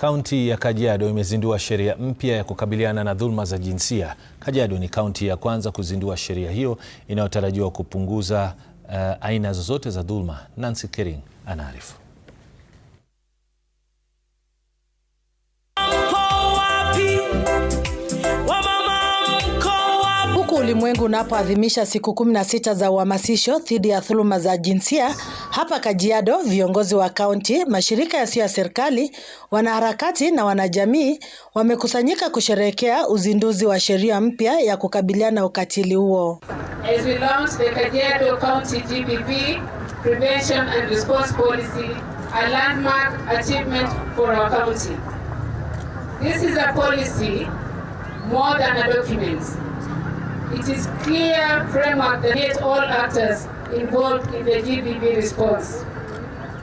Kaunti ya Kajiado imezindua sheria mpya ya kukabiliana na dhuluma za jinsia. Kajiado ni kaunti ya kwanza kuzindua sheria hiyo inayotarajiwa kupunguza uh, aina zozote za dhuluma. Nancy Kering anaarifu. Ulimwengu unapoadhimisha siku 16 za uhamasisho dhidi ya dhuluma za jinsia, hapa Kajiado, viongozi wa kaunti, mashirika yasiyo ya serikali, wanaharakati na wanajamii wamekusanyika kusherehekea uzinduzi wa sheria mpya ya kukabiliana na ukatili huo. As we launch the Kajiado County GBV Prevention and Response Policy, a landmark achievement for our county. This is a policy more than a document. It is clear framework that needs all actors involved in the GBV response.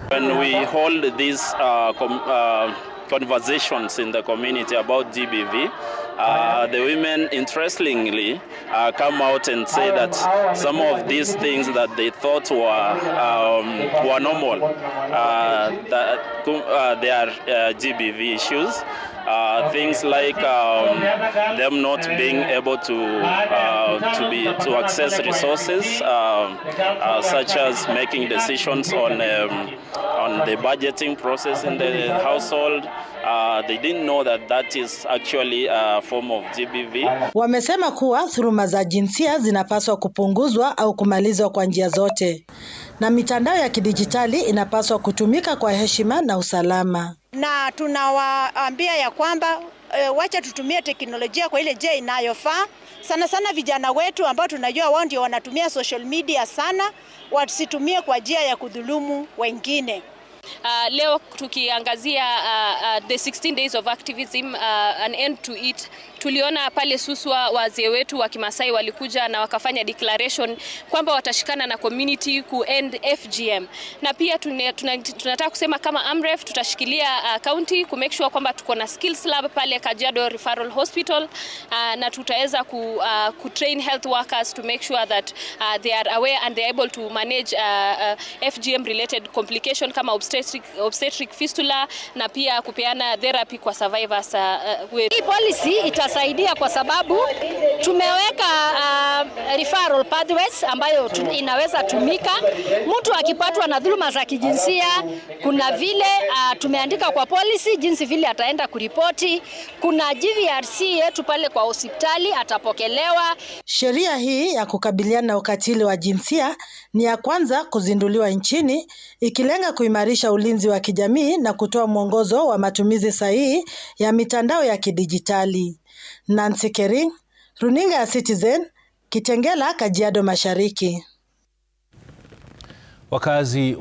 When we hold these uh, uh, conversations in the community about GBV, uh, the women interestingly uh, come out and say that some of these things that they thought were um, were normal uh, that uh, they are uh, GBV issues uh, things like um, them not being able to uh, to be to access resources uh, uh, such as making decisions on um, on the budgeting process in the household. Uh, they didn't know that that is actually a form of GBV. Wamesema kuwa dhuluma za jinsia zinapaswa kupunguzwa au kumalizwa kwa njia zote na mitandao ya kidijitali inapaswa kutumika kwa heshima na usalama na tunawaambia ya kwamba e, wacha tutumie teknolojia kwa ile njia inayofaa, sana sana vijana wetu ambao tunajua wao ndio wanatumia social media sana, wasitumie kwa njia ya kudhulumu wengine. Uh, leo tukiangazia uh, uh, the 16 days of activism uh, an end to it tuliona pale Suswa wazee wetu wa Kimasai walikuja na wakafanya declaration kwamba watashikana na community ku end FGM, na pia tunataka tuna, tuna kusema kama Amref tutashikilia uh, county ku make sure kwamba tuko na skills lab pale Kajiado Referral Hospital uh, na tutaweza ku, uh, ku train health workers to make sure that uh, they are aware and they are able to manage uh, uh, FGM related complication kama obstetric obstetric, obstetric fistula na pia kupeana therapy kwa survivors. Uh, uh hii policy itasaidia kwa sababu tumeweka uh, referral pathways ambayo inaweza tumika mtu akipatwa na dhuluma za kijinsia. Kuna vile uh, tumeandika kwa policy jinsi vile ataenda kuripoti. Kuna GVRC yetu pale kwa hospitali atapokelewa. Sheria hii ya kukabiliana na ukatili wa jinsia ni ya kwanza kuzinduliwa nchini ikilenga kuimarisha ulinzi wa kijamii na kutoa mwongozo wa matumizi sahihi ya mitandao ya kidijitali. Nancy Kering, Runinga ya Citizen Kitengela, Kajiado Mashariki. Wakazi